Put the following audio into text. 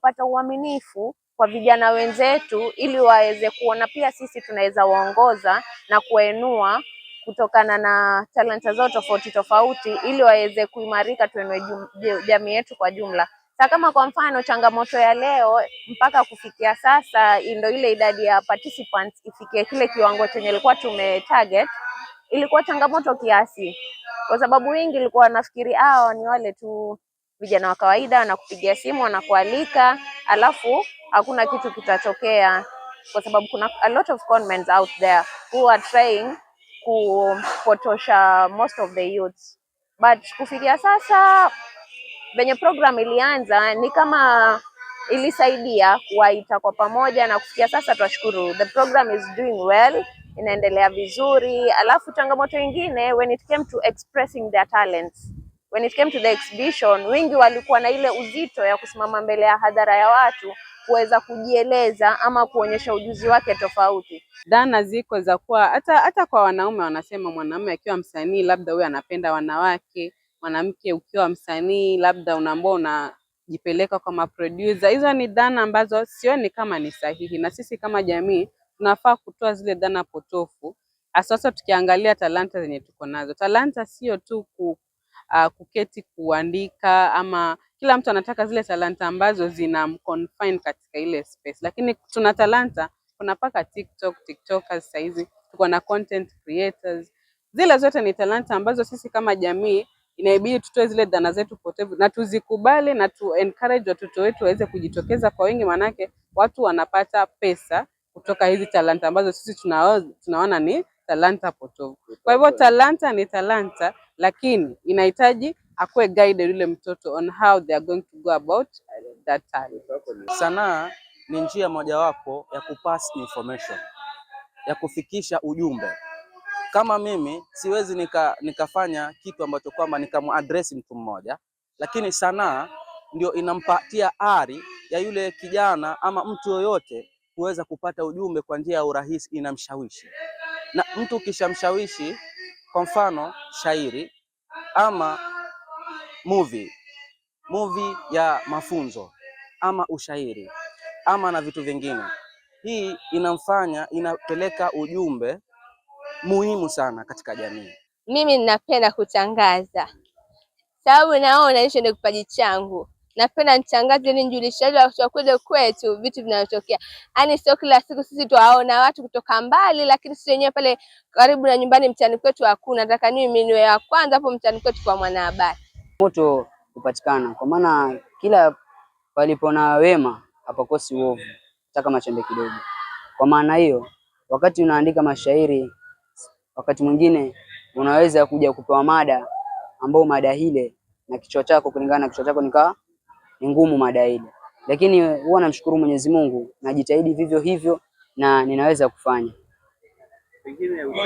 kupata uaminifu kwa vijana wenzetu ili waweze kuona pia sisi tunaweza waongoza na kuwainua kutokana na talanta zao tofauti tofauti ili waweze kuimarika, tuinue jamii yetu kwa jumla. Sa kama kwa mfano changamoto ya leo mpaka kufikia sasa ndio ile idadi ya participants ifikie kile kiwango chenye ilikuwa tume target, ilikuwa changamoto kiasi, kwa sababu wengi ilikuwa nafikiri hao ni wale tu vijana wa kawaida wanakupigia simu, wanakualika, alafu hakuna kitu kitatokea, kwa sababu kuna a lot of conmen out there who are trying kupotosha most of the youths. But kufikia sasa venye program ilianza ni kama ilisaidia kuwaita kwa pamoja, na kufikia sasa twashukuru, the program is doing well, inaendelea vizuri. Alafu changamoto ingine, when it came to expressing their talents when it came to the exhibition, wengi walikuwa na ile uzito ya kusimama mbele ya hadhara ya watu kuweza kujieleza ama kuonyesha ujuzi wake tofauti. Dhana ziko za kuwa hata hata kwa wanaume wanasema mwanaume akiwa msanii labda huyo anapenda wanawake, mwanamke ukiwa msanii labda unaambua unajipeleka kwa maproducer. Hizo ni dhana ambazo sioni kama ni sahihi, na sisi kama jamii tunafaa kutoa zile dhana potofu, hasa tukiangalia talanta zenye tuko nazo. Talanta sio tu ku uh, kuketi kuandika ama kila mtu anataka zile talanta ambazo zina confine katika ile space, lakini tuna talanta, kuna paka TikTok, TikTokers hizi tuko na content creators. Zile zote ni talanta ambazo sisi kama jamii inabidi tutoe zile dhana zetu potevu na tuzikubali na tu encourage watoto wetu waweze kujitokeza kwa wingi, manake watu wanapata pesa kutoka hizi talanta ambazo sisi tunaona ni talanta potovu. Kwa hivyo talanta ni talanta, lakini inahitaji akuwe guide yule mtoto on how they are going to go about uh, that time. Sanaa ni njia mojawapo ya kupass information, ya kufikisha ujumbe. Kama mimi siwezi nika, nikafanya kitu ambacho kwamba nikamuadresi mtu mmoja, lakini sanaa ndio inampatia ari ya yule kijana ama mtu yoyote kuweza kupata ujumbe kwa njia ya urahisi, inamshawishi na mtu ukishamshawishi kwa mfano shairi ama movie, movie ya mafunzo ama ushairi ama na vitu vingine. Hii inamfanya inapeleka ujumbe muhimu sana katika jamii. Mimi ninapenda kutangaza sababu naona hicho ndio kipaji changu. Napenda nichangaze ili nijulishaji watoto wakuja kwetu vitu vinavyotokea. Yaani sio kila siku sisi twaona watu kutoka mbali, lakini sisi wenyewe pale karibu na nyumbani mtaani kwetu hakuna. Nataka niwe minwe ya kwanza hapo mtaani kwetu kwa mwanahabari. Moto kupatikana kwa maana kila palipo na wema hapakosi uovu, taka machembe kidogo. Kwa maana hiyo, wakati unaandika mashairi, wakati mwingine unaweza kuja kupewa mada ambao mada ile na kichwa chako kulingana na kichwa chako nikaa ni ngumu mada ile, lakini huwa namshukuru Mwenyezi Mungu, najitahidi vivyo hivyo na ninaweza kufanya.